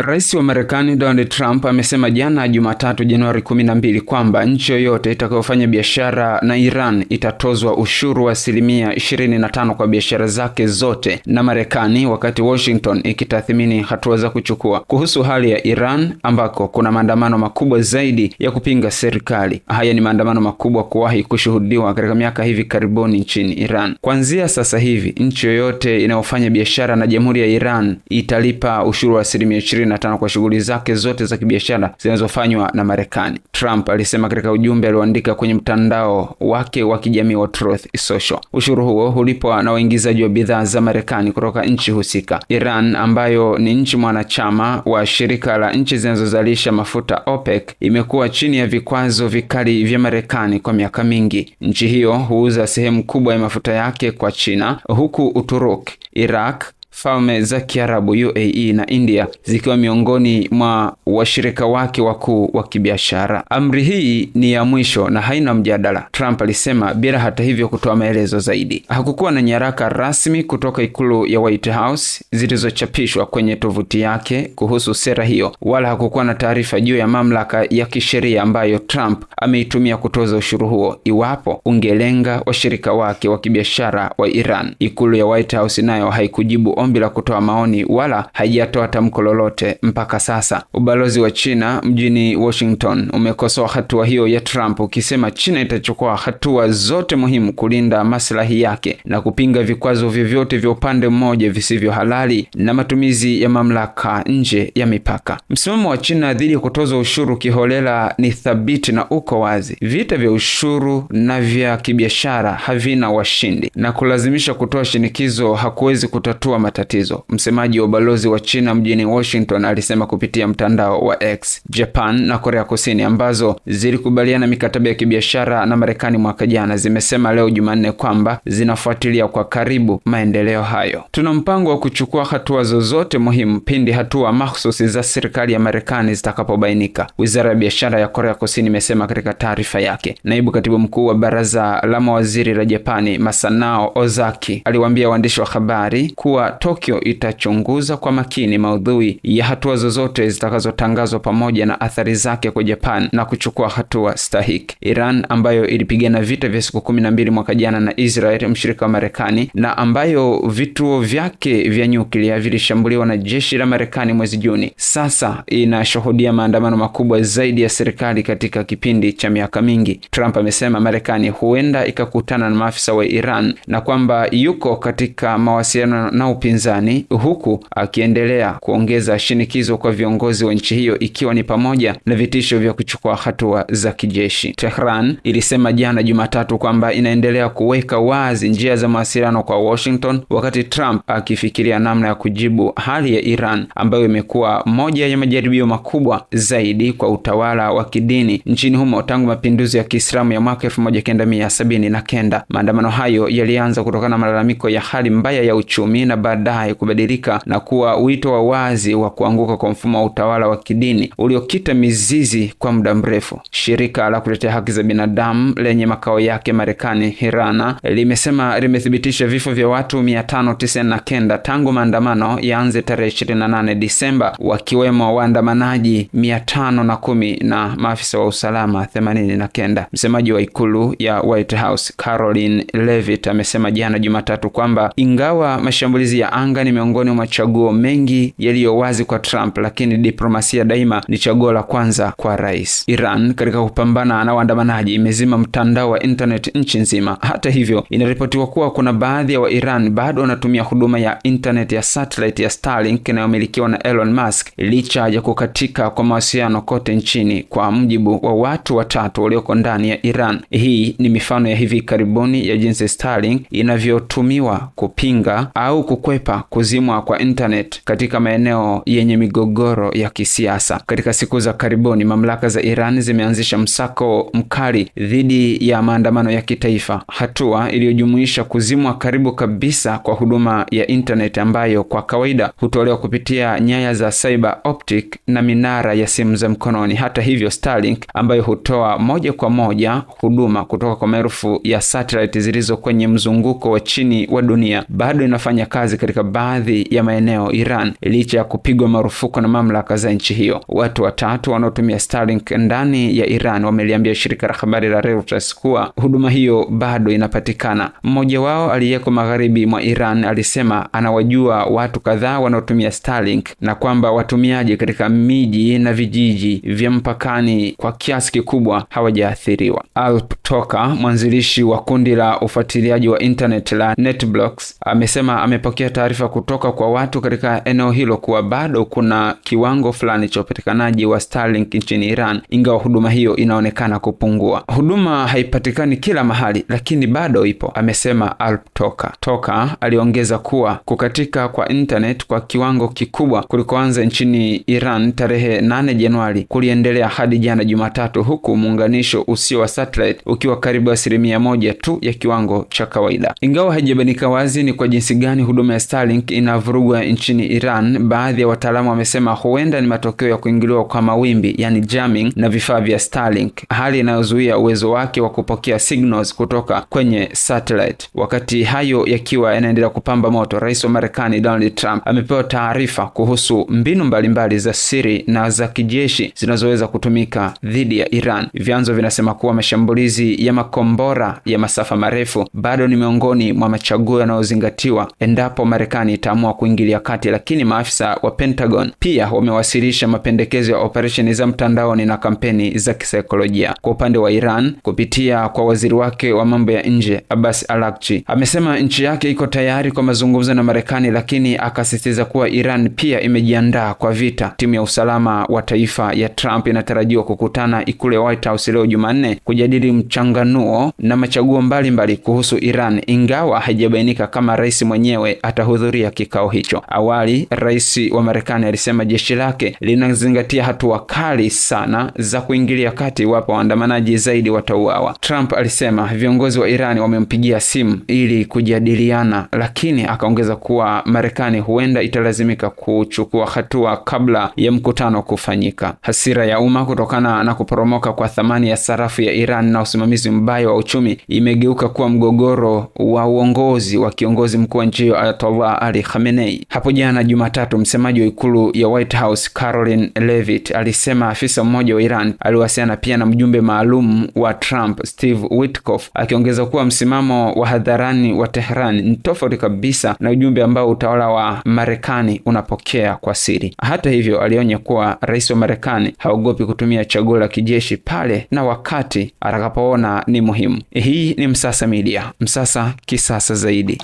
Rais wa Marekani Donald Trump amesema jana Jumatatu Januari 12 kwamba nchi yoyote itakayofanya biashara na Iran itatozwa ushuru wa asilimia 25 kwa biashara zake zote na Marekani, wakati Washington ikitathmini hatua za kuchukua. Kuhusu hali ya Iran ambako kuna maandamano makubwa zaidi ya kupinga serikali, haya ni maandamano makubwa kuwahi kushuhudiwa katika miaka hivi karibuni nchini Iran. Kuanzia sasa hivi, nchi yoyote inayofanya biashara na Jamhuri ya Iran italipa ushuru wa asilimia 25 kwa shughuli zake zote za kibiashara zinazofanywa na Marekani. Trump alisema katika ujumbe alioandika kwenye mtandao wake wa kijamii wa Truth Social. Ushuru huo hulipwa na waingizaji wa bidhaa za Marekani kutoka nchi husika. Iran ambayo ni nchi mwanachama wa shirika la nchi zinazozalisha mafuta OPEC imekuwa chini ya vikwazo vikali vya Marekani kwa miaka mingi. Nchi hiyo huuza sehemu kubwa ya mafuta yake kwa China, huku Uturuki, Iraq falme za Kiarabu UAE na India zikiwa miongoni mwa washirika wake wakuu wa kibiashara. Amri hii ni ya mwisho na haina mjadala, Trump alisema, bila hata hivyo kutoa maelezo zaidi. Hakukuwa na nyaraka rasmi kutoka ikulu ya White House zilizochapishwa kwenye tovuti yake kuhusu sera hiyo, wala hakukuwa na taarifa juu ya mamlaka ya kisheria ambayo Trump ameitumia kutoza ushuru huo, iwapo ungelenga washirika wake wa kibiashara wa Iran. Ikulu ya White House nayo haikujibu ombi la kutoa maoni wala haijatoa tamko lolote mpaka sasa. Ubalozi wa China mjini Washington umekosoa hatua hiyo ya Trump ukisema China itachukua hatua zote muhimu kulinda maslahi yake na kupinga vikwazo vyovyote vya upande mmoja visivyo halali na matumizi ya mamlaka nje ya mipaka. Msimamo wa China dhidi ya kutozwa ushuru kiholela ni thabiti na uko wazi. Vita vya ushuru na vya kibiashara havina washindi na kulazimisha kutoa shinikizo hakuwezi kutatua matatizo. Msemaji wa ubalozi wa China mjini Washington alisema kupitia mtandao wa X, Japan na Korea Kusini ambazo zilikubaliana mikataba ya kibiashara na Marekani mwaka jana zimesema leo Jumanne kwamba zinafuatilia kwa karibu maendeleo hayo. Tuna mpango wa kuchukua hatua zozote muhimu pindi hatua mahususi za serikali ya Marekani zitakapobainika, wizara ya biashara ya Korea Kusini imesema katika taarifa yake. Naibu katibu mkuu wa baraza la mawaziri la Japani Masanao Ozaki aliwaambia waandishi wa habari kuwa Tokyo itachunguza kwa makini maudhui ya hatua zozote zitakazotangazwa pamoja na athari zake kwa Japan na kuchukua hatua stahiki. Iran ambayo ilipigana vita vya siku kumi na mbili mwaka jana na Israel, mshirika wa Marekani, na ambayo vituo vyake vya nyuklia vilishambuliwa na jeshi la Marekani mwezi Juni, sasa inashuhudia maandamano makubwa zaidi ya serikali katika kipindi cha miaka mingi. Trump amesema Marekani huenda ikakutana na maafisa wa Iran na kwamba yuko katika mawasiliano na upi upinzani huku akiendelea kuongeza shinikizo kwa viongozi wa nchi hiyo ikiwa ni pamoja na vitisho vya kuchukua hatua za kijeshi. Tehran ilisema jana Jumatatu kwamba inaendelea kuweka wazi njia za mawasiliano kwa Washington wakati Trump akifikiria namna ya kujibu hali ya Iran ambayo imekuwa moja ya majaribio makubwa zaidi kwa utawala wa kidini nchini humo tangu mapinduzi ya Kiislamu ya mwaka kenda. Maandamano hayo yalianza kutokana na malalamiko ya hali mbaya ya uchumi na baadaye kubadilika na kuwa wito wa wazi wa kuanguka kwa mfumo wa utawala wa kidini uliokita mizizi kwa muda mrefu. Shirika la kutetea haki za binadamu lenye makao yake Marekani, Hirana, limesema limethibitisha vifo vya watu 599 tangu maandamano yaanze tarehe 28 Disemba, wakiwemo waandamanaji 510 na maafisa wa usalama 89. Msemaji wa ikulu ya White House Caroline Levitt amesema jana Jumatatu kwamba ingawa mashambulizi ya anga ni miongoni mwa chaguo mengi yaliyo wazi kwa Trump, lakini diplomasia daima ni chaguo la kwanza kwa rais. Iran katika kupambana na waandamanaji imezima mtandao wa internet nchi nzima. Hata hivyo, inaripotiwa kuwa kuna baadhi ya wa Iran bado wanatumia huduma ya internet ya satellite ya Starlink inayomilikiwa na Elon Musk licha ya kukatika kwa mawasiliano kote nchini, kwa mjibu wa watu watatu walioko ndani ya Iran. Hii ni mifano ya hivi karibuni ya jinsi Starlink inavyotumiwa kupinga au kukwepa kukwepa kuzimwa kwa internet katika maeneo yenye migogoro ya kisiasa. Katika siku za karibuni, mamlaka za Iran zimeanzisha msako mkali dhidi ya maandamano ya kitaifa, hatua iliyojumuisha kuzimwa karibu kabisa kwa huduma ya internet ambayo kwa kawaida hutolewa kupitia nyaya za fiber optic na minara ya simu za mkononi. Hata hivyo, Starlink ambayo hutoa moja kwa moja huduma kutoka kwa maelfu ya satellite zilizo kwenye mzunguko wa chini wa dunia bado inafanya kazi katika baadhi ya maeneo Iran licha ya kupigwa marufuku na mamlaka za nchi hiyo. Watu watatu wanaotumia Starlink ndani ya Iran wameliambia shirika la habari la Reuters kuwa huduma hiyo bado inapatikana. Mmoja wao aliyeko magharibi mwa Iran alisema anawajua watu kadhaa wanaotumia Starlink na kwamba watumiaji katika miji na vijiji vya mpakani kwa kiasi kikubwa hawajaathiriwa. Alp Toka, mwanzilishi wa kundi la ufuatiliaji wa internet la NetBlocks, amesema amepokea taarifa kutoka kwa watu katika eneo hilo kuwa bado kuna kiwango fulani cha upatikanaji wa Starlink nchini Iran, ingawa huduma hiyo inaonekana kupungua. Huduma haipatikani kila mahali, lakini bado ipo, amesema Alp Toka. Toka aliongeza kuwa kukatika kwa internet kwa kiwango kikubwa kulikoanza nchini Iran tarehe 8 Januari kuliendelea hadi jana Jumatatu, huku muunganisho usio wa satellite ukiwa karibu asilimia moja tu ya kiwango cha kawaida, ingawa haijabainika wazi ni kwa jinsi gani huduma ya Starlink inavurugwa nchini Iran, baadhi ya wataalamu wamesema huenda ni matokeo ya kuingiliwa kwa mawimbi, yani jamming, na vifaa vya Starlink, hali inayozuia uwezo wake wa kupokea signals kutoka kwenye satellite. Wakati hayo yakiwa yanaendelea kupamba moto, rais wa Marekani Donald Trump amepewa taarifa kuhusu mbinu mbalimbali mbali za siri na za kijeshi zinazoweza kutumika dhidi ya Iran. Vyanzo vinasema kuwa mashambulizi ya makombora ya masafa marefu bado ni miongoni mwa machaguo yanayozingatiwa endapo Marekani itaamua kuingilia kati, lakini maafisa wa Pentagon pia wamewasilisha mapendekezo ya operesheni za mtandaoni na kampeni za kisaikolojia. Kwa upande wa Iran, kupitia kwa waziri wake wa mambo ya nje Abbas Araghchi, amesema nchi yake iko tayari kwa mazungumzo na Marekani, lakini akasisitiza kuwa Iran pia imejiandaa kwa vita. Timu ya usalama wa taifa ya Trump inatarajiwa kukutana ikule White House leo Jumanne kujadili mchanganuo na machaguo mbalimbali mbali kuhusu Iran, ingawa haijabainika kama rais mwenyewe ata atahudhuria kikao hicho. Awali rais wa Marekani alisema jeshi lake linazingatia hatua kali sana za kuingilia kati iwapo waandamanaji zaidi watauawa. Trump alisema viongozi wa Irani wamempigia simu ili kujadiliana, lakini akaongeza kuwa Marekani huenda italazimika kuchukua hatua kabla ya mkutano kufanyika. Hasira ya umma kutokana na kuporomoka kwa thamani ya sarafu ya Iran na usimamizi mbaya wa uchumi imegeuka kuwa mgogoro wa uongozi wa kiongozi mkuu wa nchi hiyo utaifa wa Ali Khamenei. Hapo jana Jumatatu, msemaji wa ikulu ya White House Caroline Levitt alisema afisa mmoja wa Iran aliwasiliana pia na mjumbe maalum wa Trump Steve Witkoff, akiongeza kuwa msimamo wa hadharani wa Tehran ni tofauti kabisa na ujumbe ambao utawala wa Marekani unapokea kwa siri. Hata hivyo, alionya kuwa rais wa Marekani haogopi kutumia chaguo la kijeshi pale na wakati atakapoona ni muhimu. Hii ni Msasa Media, Msasa kisasa zaidi.